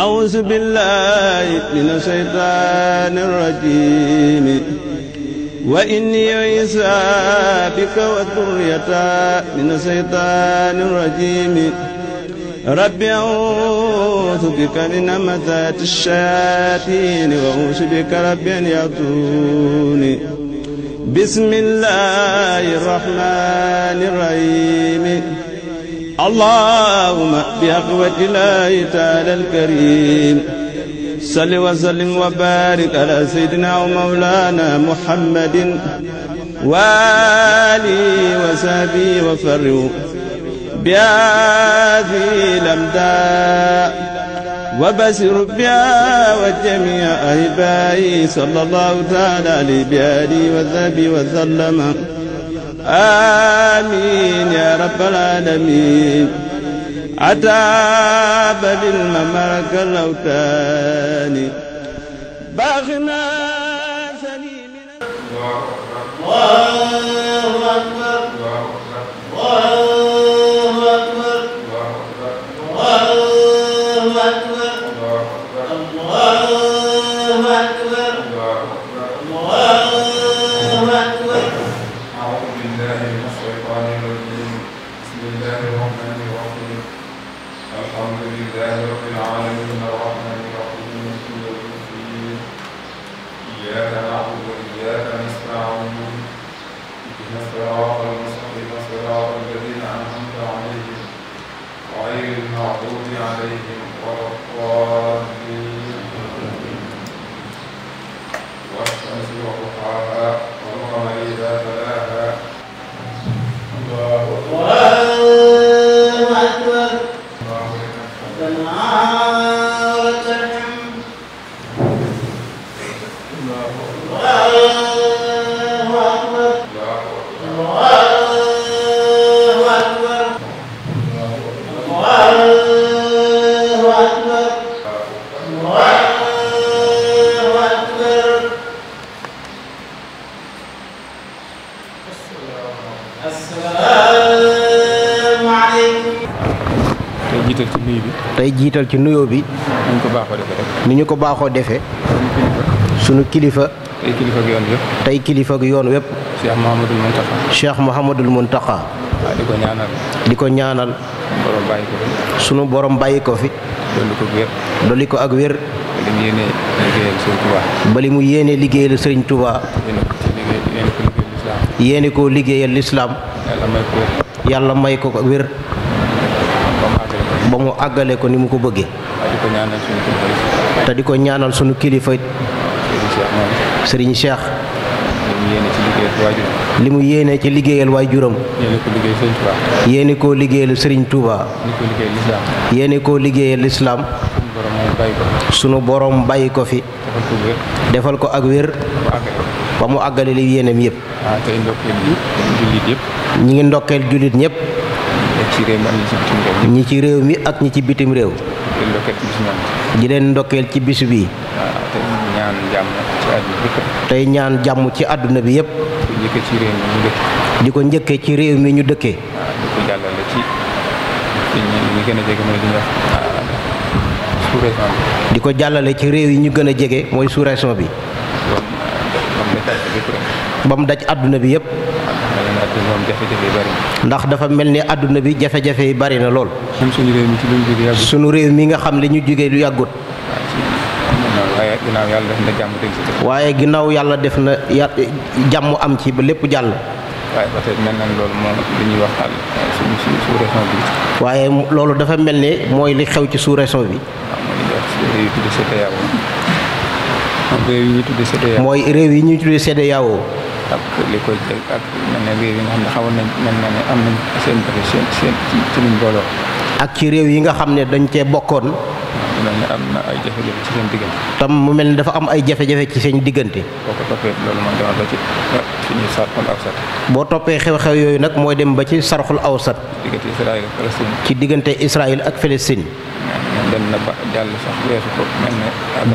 أعوذ بالله من الشيطان الرجيم وإني عيسى بك وذريتا من الشيطان الرجيم رب أعوذ بك من همزات الشياطين وأعوذ بك رب أن يعطوني بسم الله الرحمن الرحيم allahumma bi aqwati laahi taala alkarim salli wa sallim wa barik ala sayyidina wa mawlana muhammadin wa alihi wa sahbihi wa farriu biathi lamda wa basiru biha wa jamia ahibaayi sallallahu taala alayhi bi alihi wa sahbihi wa sallama آمين يا رب العالمين عتاب بالمملكة الأوتان باغنا سليمنا asalaamaaleykum. tey jiital ci nuyu bi. tey jiital ci nuyoo bi. ni ñu ko baaxoo defee rek. ni ñu ko baaxoo defe sunu kilifa. tey kilifa ak yoon wépp. tey kilifa ak yoon wépp. Cheikh Mouhamadul Mountakha. Cheikh Mouhamadul ko ñaanal. di ko ñaanal. borom bàyyi ko fi. sunu borom bàyyi ko fi. dolli ko ak wér. bali mu yéene liggéeyal Sëriñ Touba. yéene ko liggéeyal lislaam yàlla may ko wér ba mu àggale ko ni mu ko bëggee te di ko ñaanal sunu kilifa sëriñ Cheikh li mu yéene ci liggéeyal waajuram yéene koo liggéeyal sëriñ Touba yéene koo liggéeyal lislaam sunu borom bàyyi ko fi defal ko ak wér ba mu àggale li yéeneem yëpp. waaw ah, tey ndokkeel jullit yëpp. ñi ngi ndokkeel jullit ñëpp. ñi ci réew mi ak ñi ci bitim réew. di leen ndokkeel ci bisu bi. Ah, tey ñaan jàmm ci àdduna bi yëpp. di ko njëkkee ci réew mi ñu dëkkee. Ah, di ko jàllale ci réew yi ñu gën a jege mooy sous bi. ba mu daj àdduna bi yëpp. ndax dafa mel ni àdduna bi jafe-jafe yi bari na lool. suñu réew mi ci lu ñu suñu réew mi nga xam li ñu jógee lu yàggut. waaye ginnaaw yàlla def na jàmm am ci ba lépp jàll. waaye mel na loolu moom ñuy wax loolu dafa mel ni mooy li xew ci sous-région bi. réew mooy réew yi ñuy tuddee CEDEAO. ak li koy jël ak yeneen réew na ne ci ak ci réew yi nga xam ne dañ cee bokkoon. mu mel ne tam mu mel ni dafa am ay jafe-jafe ci seen diggante. boo toppee ah, boo toppee xew-xew yooyu nag mooy dem ba ci sarxul awsat. ci diggante Israël ak Palestine. ci diggante dem na ba jàll sax weesu ko mel ne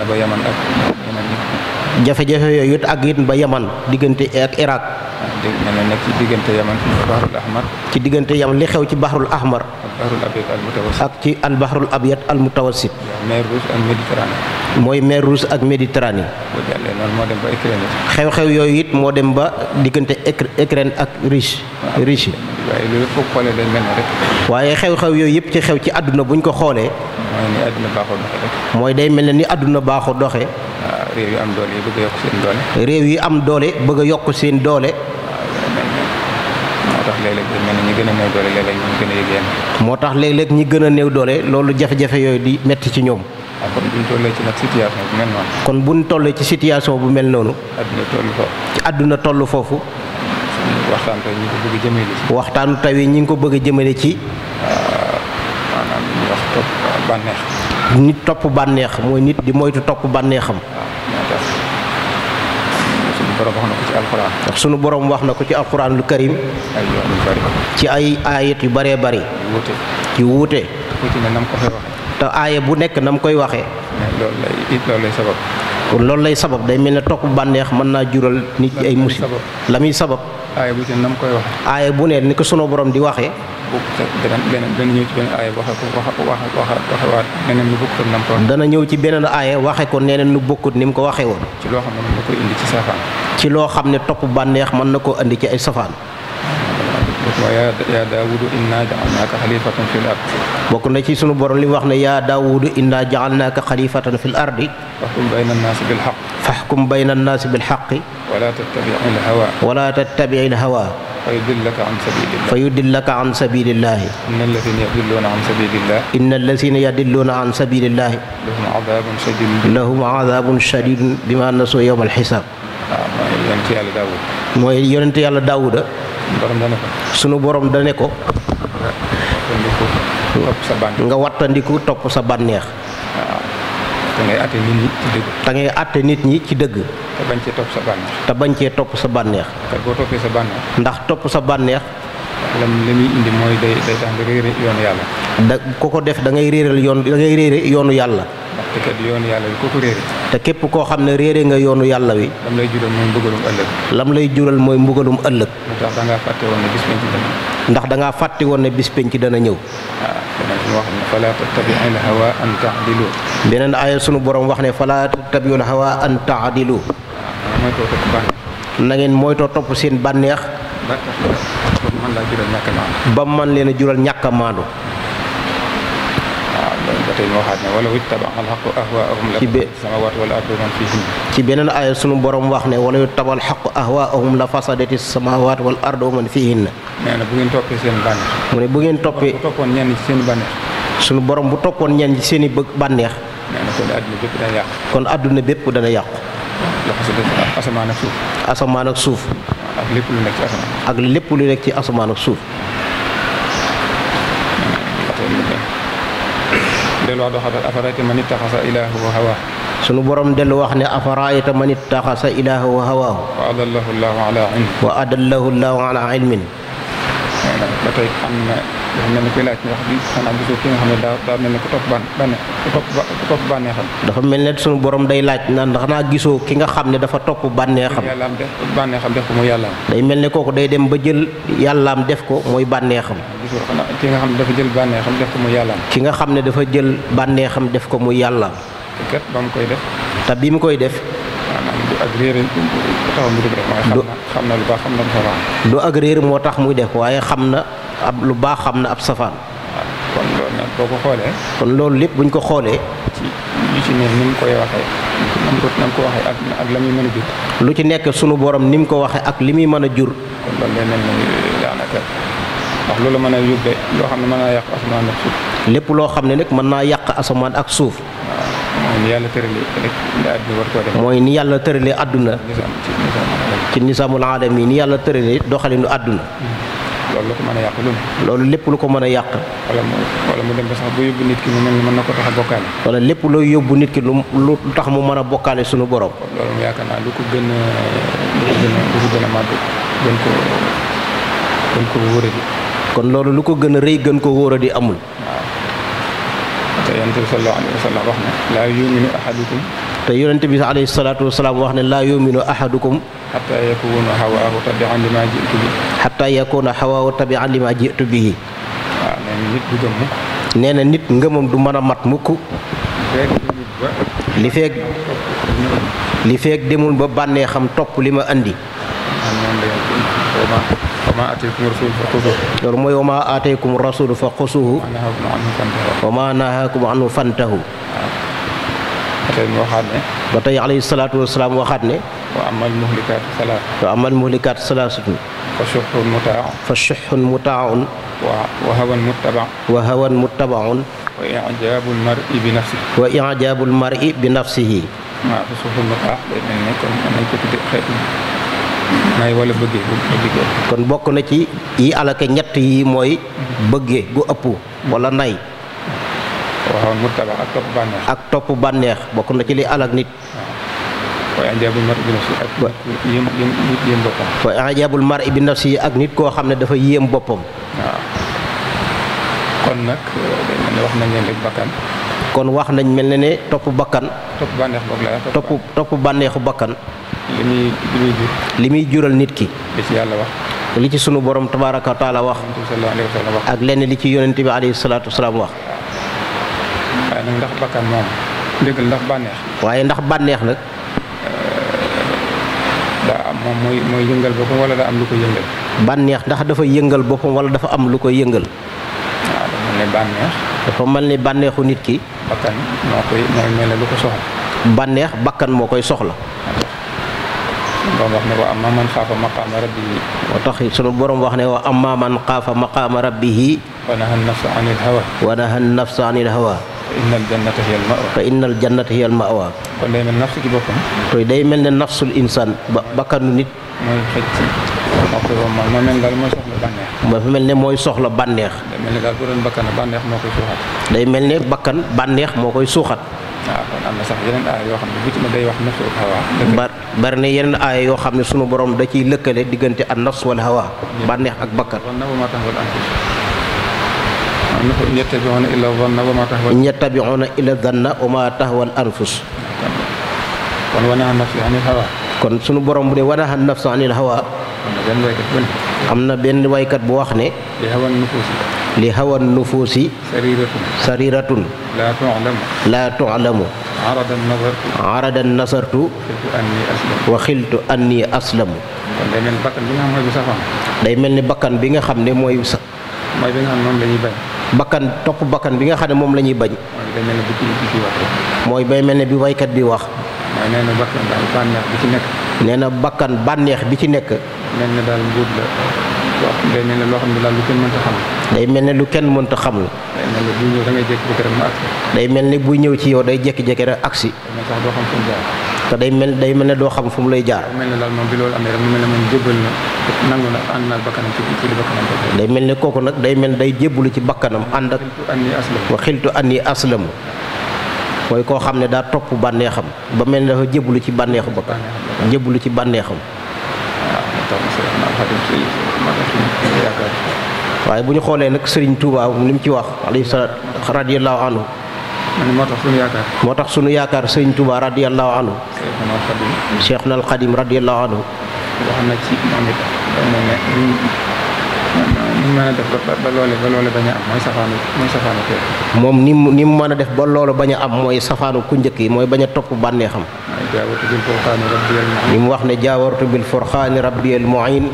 ak yeneen yi jafe-jafe yooyu it it ba yaman diggante ak Irak dégg na nekk ci diggante yaman fi bahrul ci diggante yaman li xew ci bahrul ahmar ak ci al bahrul abyad al mutawassit mer rouge ak méditerranée mooy mer rouge ak méditerranée boo moo dem ba xew-xew yooyu it moo dem ba diggante Ukraine ak riche riche waaye xoolee day mel waaye xew-xew yooyu yëpp ci xew ci àdduna buñ ko xoolee mooy ni àdduna mooy day mel na ni àdduna baaxoo doxe réew am doole bëgg a yokk réew yi am doole bëgg a yokk seen doole moo tax léeg-léeg ñi gën a néew doole léeg-léeg ñu gën moo tax léeg-léeg ñi gën a néew doole loolu jafe-jafe yooyu di metti ci ñoom waaw ah, kon ci nag situation bu mel noonu kon buñ tollee ci situation bu mel noonu àdduna toll foofu ci àdduna toll foofu waxtaan tey ñi waxtaanu taw ñi ngi ko bëgg a jëmale ci ah, maanaam topp bànneex nit topp bànneex mooy nit di moytu topp bànneexam ah. borom wax na sunu borom wax na ko ci alquranul karim. ci ay ayet yu bëree bëri. yu wuute. te aaya bu nekk nam koy waxee. loolu lay loolu loolu lay sabab day mel ne topp bànneex mën naa jural nit ay musib la muy sabab. aaya nam koy waxee. aaya bu ne ni ko sunu borom di waxee. dana ñëw ci beneen aaya waxe ko neneen nu bokkut ni mu ko waxee woon. ci loo xam ne mën ci loo xam ne topp bànneex mën na koo indi ci ay safaan bokk na ci sunu borom li wax na ya daawudu inna jaalnaaka xalifatan fi ardi faxkum bayna annaasi bil xaq faxkum bayna annaasi bil xaqi wala tattabi al wala tattabi al hawa فيضلك عن سبيل الله فيضلك عن سبيل الله إن الذين يضلون عن سبيل الله إن الذين يضلون عن سبيل الله لهم عذاب شديد لهم عذاب شديد بما نسوا يوم الحساب mooy yonent yàlla daawuda sunu borom da ne ko nga wattandiku topp sa bànneex da ngay àtte nit ñi ci dëgg. nit ñi ci dëgg. te bañ cee topp sa bànneex. te bañ cee topp sa bànneex. kat boo toppee sa bànneex. ndax topp sa bànneex. lam li muy indi mooy day day tax nga réere yoonu yàlla. da ku ko def da ngay réeral yoon da ngay réere yoonu yàlla. te yàlla wi te képp koo xam ne réere nga yoonu yàlla wi lam lay jural mooy mbugalum ëllëg lam lay jural mooy mbugalum ëllëg ndax dangaa fàtte woon ne bis penc dana ñëw ndax dangaa fàtte woon ne bis dana ñëw waaw falaa tattabi'il beneen aaya sunu boroom wax ne falaa tattabi'il hawaa an ta'dilu na ngeen mooytoo topp seen bànneex ba man leen a jural ñàkk maandu te ñu waxaat ne wala yuttaba'al haqqu wa man fiihinna ci beneen aaya sunu borom wax ne wala yuttaba'al haqqu ahwaa'ahum lafasadatis samaawaatu wal ardu wa man fiihinna nee na bu ngeen toppee seen bànneex mu ne bu ngeen seen bànneex sunu borom bu toppoon ñenn ci seen bëgg bànneex na kon àdduna bépp dana yàqu kon àdduna bépp dana yàqu asamaan ak suuf ak suuf lu nekk ci ak lépp lu nekk ci asamaan ak suuf wa hawaahu sunu borom dellu na dafa mel dafa mel ne sunu borom day laaj naan xanaa gisoo ki nga xam ne dafa topp bànneexam yàllaam def bànneexam def day mel ne kooku day dem ba jël yàllaam def ko mooy bànneexam toujours xanaa ki nga xam ne dafa jël bànneexam def ko mu yàlla. ki nga xam ne dafa jël bànneexam def ko mu yàlla. te kat mu koy def. te bi mu koy def. ak réer du xam na lu baax xam na lu safaan. moo tax muy def waaye xam na ab lu baax xam na ab safaan. kon loolu nag boo ko xoolee. kon loolu lépp buñ ko xoolee. ci ci ne ni koy waxee. ko na ko waxee ak lu ci nekk sunu borom ni mu ko waxee ak li muy mën a jur. loolu day mel daanaka. ndax loolu mën a loo xam ne mën naa yàq lépp loo xam ne nag mën naa yàq asamaan ak suuf. yàlla tëralee rek la àdduna mooy ni yàlla tëralee àdduna. ci nisaamul aadam yi ni yàlla tëralee doxalinu àdduna. Hmm. loolu lu ko mën a yàq loolu. lépp lu ko mën a yàq. wala mu dem ba sax ba yóbbu nit ki mu mel ni mën na ko tax a bokkaale. wala lépp looy yóbbu nit ki lu lu tax mu mën a bokkaale suñu borom. loolu mu yaakaar naa lu ko gën a lu ko gën a lu ko gën kon loolu lu ko gën a rëy gën ko wóor amul. te yonent bi sallallahu alayhi wax ne laa salaatu salaam wax ne laa yuminu ahadukum. xataa yakuna hawaahu tabian limaa jitu bihi. xataa nee na nit du du mën a mat mukk. li feeg li feeg demul ba bànnee xam topp li ma andi. ma wama ataykum rasulu fa xusuhu loolu mooy wama ataykum rasulu fa xusuhu wama nahakum anhu fantahu ba tey alayhi salaatu wasalaam waxaat ne wa amal muhlikaat salaat wa amal muhlikaat salaasatun fa shuhun mutaaun fa shuhun mutaaun wa hawan muttabaun wa hawan muttabaun wa ijaabul mar'i bi nafsihi wa ijaabul mar'i bi nafsihi waaw fa shuhun mutaaun may wala bëggee kon bokk na ci yi alaka ñett yi mooy bëggee gu ëpp wala nay waxoon murtaba ak topp bànneex bokk na ci li alak nit wa ajabul mar bi nafsi ak nit koo xam ne dafa yéem boppam kon nag eh, wax nañ wax nañ mel ne ne topp bakkan topp bànneexu bakkan li muy li muy jural nit ki. li ci yàlla wax. li ci sunu borom tabaaraka wa taala wax. ak lenn li ci yonent bi alayhi salaatu wa salaam wax. waaye nag ndax bakkan moom dëgg ndax bànneex. waaye ndax bànneex nag. daa am moom mooy mooy yëngal boppam wala daa am lu koy yëngal. bànneex ndax dafa yëngal boppam wala dafa am lu koy yëngal. waaw dafa mel ni bànneex. dafa mel ni bànneexu nit ki. bakkan moo koy mooy mel ne lu ko soxla. bànneex bakkan moo koy soxla. doon wax ne wa amma man xaafa maqaama a moo tax sunu borom wax ne wa amma man xaafa maqaama rabbihi wa naha nafsa wa naha nafsa anil hawa fa innal jannata hiya al mawa fa innal jannata hiya al mawa day mel nafsu ci boppam koy day mel ne nafsul insaan ba bakkanu nit mooy xëcc moo mel daal mooy soxla bànneex moo fi mel ne mooy soxla bànneex day mel ne daal bu doon bakkan bànneex moo day mel ne bakkan bànneex moo koy suuxat waaw kon am ne bari na yeneen aaya yoo xam ne sunu borom da ciy lëkkale diggante ak nafs wala hawa. bànneex ak bakkan. illa dhanna wa ma tahwa yattabi'una illa ma tahwa al-anfus kon wanaha nafsu anil hawa kon sunu borom bu dee wanaha nafsu anil hawa am na benn waykat bu wax ne. li hawan nufuusi. li hawan nufuusi. sariratun. sariratun. laa tu'lamu. laa tu'lamu. aradan xiltu anni aslamu. day mel ni bakkan bi nga xam mooy mel ni bakkan bi nga xam ne mooy sa. mooy bi nga xam bi nga xam ne moom la ñuy bañ. mooy bay mel ni bi waykat bi wax. nee na bakkan bànneex bi ci nekk. mel na daal mbuut la day mel ne loo xam ne lu kenn mënta xam. day mel ne lu kenn mënta xam la. day mel ne buy ñëw ci yow day jékki-jékki rek agsi. xam fu mu jaar. te day mel day ne doo xam fu mu lay jaar. mel ne daal moom bi loolu amee rek mu mel ne moom jébbal na nangu na ànd naa bakkanam ci day mel ne kooku nag day mel day jébbalu ci bakkanam ànd ak. wa xiltu anni aslamu mooy koo xam ne daal topp bànneexam ba mel ne dafa jébbalu ci bànneexu bakkan jébbalu ci bànneexam waaye bu ñu xoolee nag sëriñ Touba li mu ci wax alayhi salaatu radiyallahu moo tax sunu yaakaar moo tax sunu yaakaar Serigne Touba radiyallahu anhu Cheikhuna al na ci moom it ni mën a def ba ba loole ba loole bañ a am mooy safaanu mooy safaanu kër. moom ni mu ni mu mën a def ba loolu bañ a am mooy safaanu ku njëkk yi mooy bañ a topp bànneexam. jaawartu bil furqaani rabbiyal muin. ni mu wax ne jaawartu bil furqaani rabbiyal muin.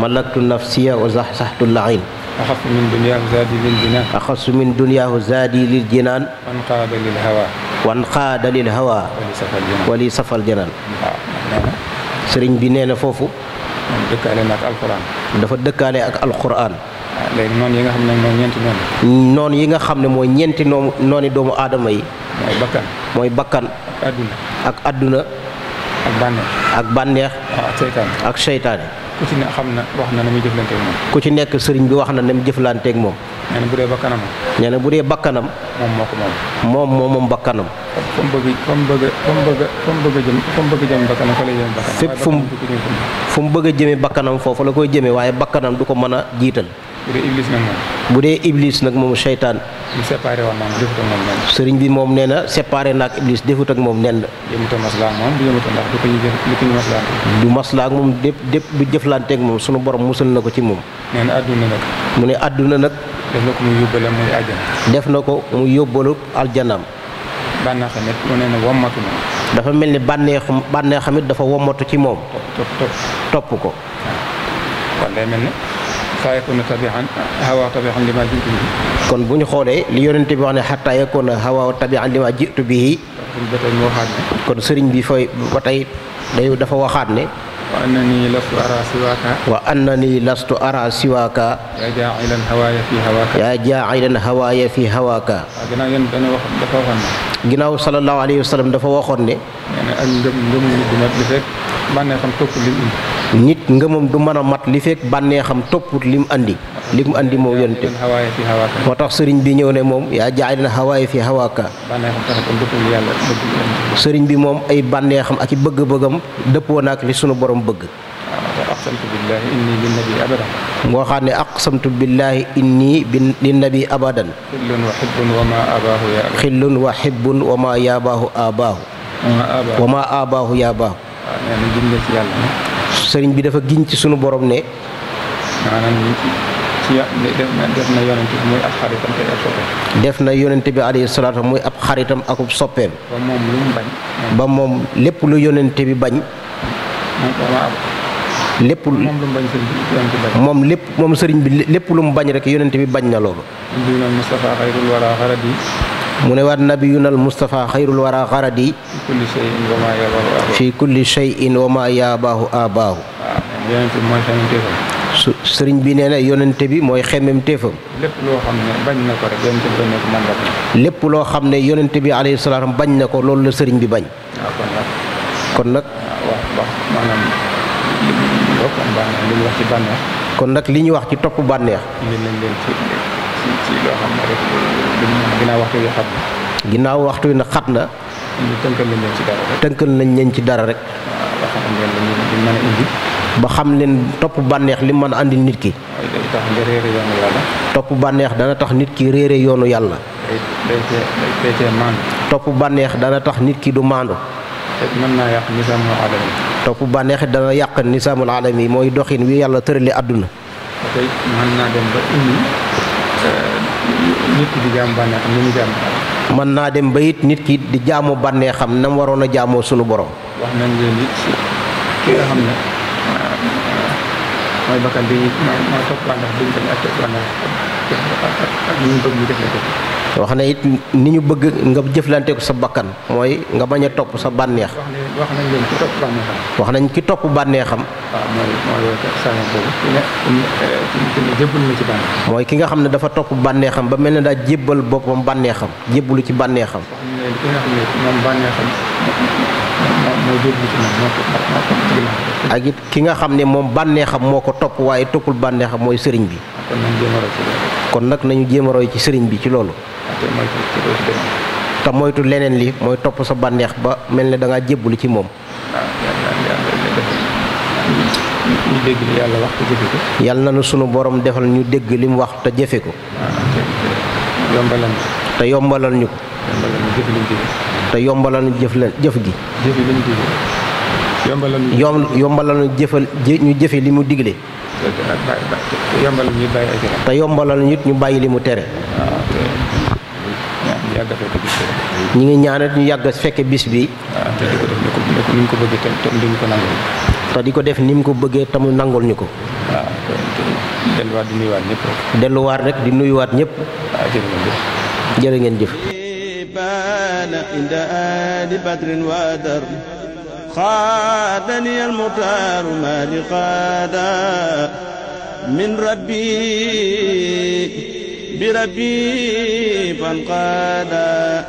malaktu nafsiya wa zaxzaxtu lain. axasu min dunyaahu zaadi lil jinaan. axasu min dunyaahu zaadi lil jinaan. wan qaada lil hawaa. wan qaada lil hawaa. wali safal janaan. wali safal janaan. waaw sëriñ bi nee na foofu. dëkkaale na ak alxuraan. dafa dëkkaale ak alxuraan. waaw ah, léegi noonu yi nga xam ne mooy ñeenti noonu. noonu yi nga xam ne mooy ñeenti noonu noonu doomu aadama yi. mooy bakkan. mooy bakkan. ak adduna. ak adduna. ak bànneex. ak bànneex. ak seytaane. ak seytaane. ku ci xam na wax na na muy jëflanteeg ku ci nekk sëriñ bi wax na na mu jëflanteeg moom. nee na bu dee bakkanam. bu dee bakkanam. moom moo moom. moom bakkanam. fa mu bëgg fa mu bëgg a jëm fa mu bëgg a jëm bakkanam fa lay a jëme bakkanam foofu la koy jëme waaye bakkanam du ko mën a jiital bu dee iblis nag moom dee iblis nag moom seytaan mu séparé woon moom defut ak moom sëriñ bi moom nee na séparé naak iblis defut ak moom nen jëmuta maslaa moom du jëmuta ndax du ko ñu du ko ñu maslaante du moom dépp du jëflanteek moom sunu borom musal na ko ci moom nee na àdduna nag mu ne àdduna nag def na ko mu yóbbale muy àjjana def na ko mu yóbbalu aljanaam bànneexam it mu ne ne wommatu na dafa mel ni bànneexu bànneexam it dafa wommatu ci moom topp ko kon day mel ne xataa yakuna tabian hawa tabian li ma jiitu xoolee li yonente bi wax ne xataa yakuna hawa tabian li ma jiitu bi kon sëriñ bi fay ba tey dafa waxaat ne wa annani lastu ara siwaaka. wa annani lastu ara siwaaka. yaa jaacilan hawaaya fi hawaaka. yaa jaacilan hawaaya fi hawaaka. waaw ginnaaw yéen dañoo wax dafa waxoon ne. ginnaaw sallallahu alayhi wa ne. nee na ak ngëm ngëm nit du mat li fekk topp li indi. nit ngëmam du mën a mat li fekk bànneexam topput lim mu andi li mu moo yonte moo tax sëriñ bi ñëw ne moom yaa jaay na hawaay fi hawaaka sëriñ bi moom ay bànneexam ak i bëgg-bëggam dëppoo naak li sunu borom bëgg moo xam ne ak billaahi inni li nabi abadan xillun wa xibbun wa ma yaabaahu aabaahu wa ma aabaahu yaabaahu sëriñ bi dafa giñ ci sunu boroom ne. maanaam def na yonent bi muy ab ab muy ab xaritam akub soppeem. ba moom lu bañ. ba moom lépp lu yonent bi bañ. lépp lu mu bañ sëriñ moom sëriñ bi lépp lu mu bañ rekk yonent bi bañ na loolu. mu ne waat nabiyuna al mustafa xayrul wara xaradi fi kulli shay'in wa ma yaabaahu abaahu su sëriñ bi nee na yonente bi mooy xemmem téefam lépp loo xam ne bañ bi ko bañ na ko man la lépp ne bi bañ na ko loolu la sëriñ bi bañ kon nag kon li ñu wax ci topp bànneex ginnaaw waxtu wi xat na. ginnaaw waxtu wi nag xat na. tënkal nañ leen ci dara rek. nañ leen ci dara rek. ba xam leen li mën topp bànneex li mën a andil nit ki. day tax topp bànneex dana tax nit ki réere yoonu yàlla. day day maandu. topp bànneex dana tax nit ki du maandu. mën naa yàq nisaamul alami. topp bànneex dana yàq nisaamul alami mooy doxin wi yàlla tërali àdduna. nit ki di jaamu bànneex am ni mu jaamu naa dem ba it nit ki di jaamu bànnee xam na mu waroon a jaamoo sunu borom. wax nañ leen it ki nga xam ne ah, mooy bakkan bi mooy topp bànneex wax na it ni ñu bëgg nga jëflante sa bakkan mooy nga bañ a topp sa bànneex. wax nañ leen ki topp bànneexam. mooy ki nga xam ne dafa topp bànneexam ba mel ne daal jébbal boppam bànneexam jébbalu ci bànneexam. bànneexam. ak it ki nga xam ne moom bànneexam moo ko topp waaye toppul bànneexam mooy sëriñ bi. kon nag nañu jéem ci sëriñ bi ci loolu. te moytu leneen li mooy topp sa bànneex ba mel ne danga ngaa jébbali ci moom. ñu dégg na nu sunu boroom defal ñu dégg li mu wax te jëfe ko. te yombalal ko. te yombalal ñu ko. te yombalanu jëf la jëf gi yomb yombalanu jëfal ñu jëfe li mu digle te yombalanu nit ñu bàyyi li mu tere ah, ñu ngi ñaanal ñu yàgg fekke bis bi te di ko def ni mu ko bëggee te mu nangul ñu ko ah, delluwaat di nuyuwaat ñëpp delluwaat rek di nuyuwaat ñëpp ah, ngeen jëf كان عند آل بدر ودر خادني المختار ما لقادا من ربي بربي فانقادا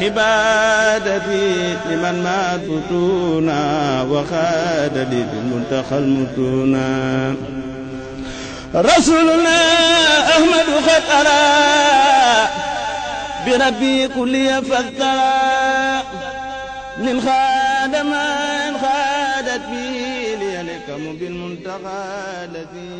عبادتي لمن ما تتونا وخاد لي بالمنتخى المتونا رسولنا أحمد قد أرى بربي كلي فاختار من خاد من خادت بي ليلكم بالمنتقى الذي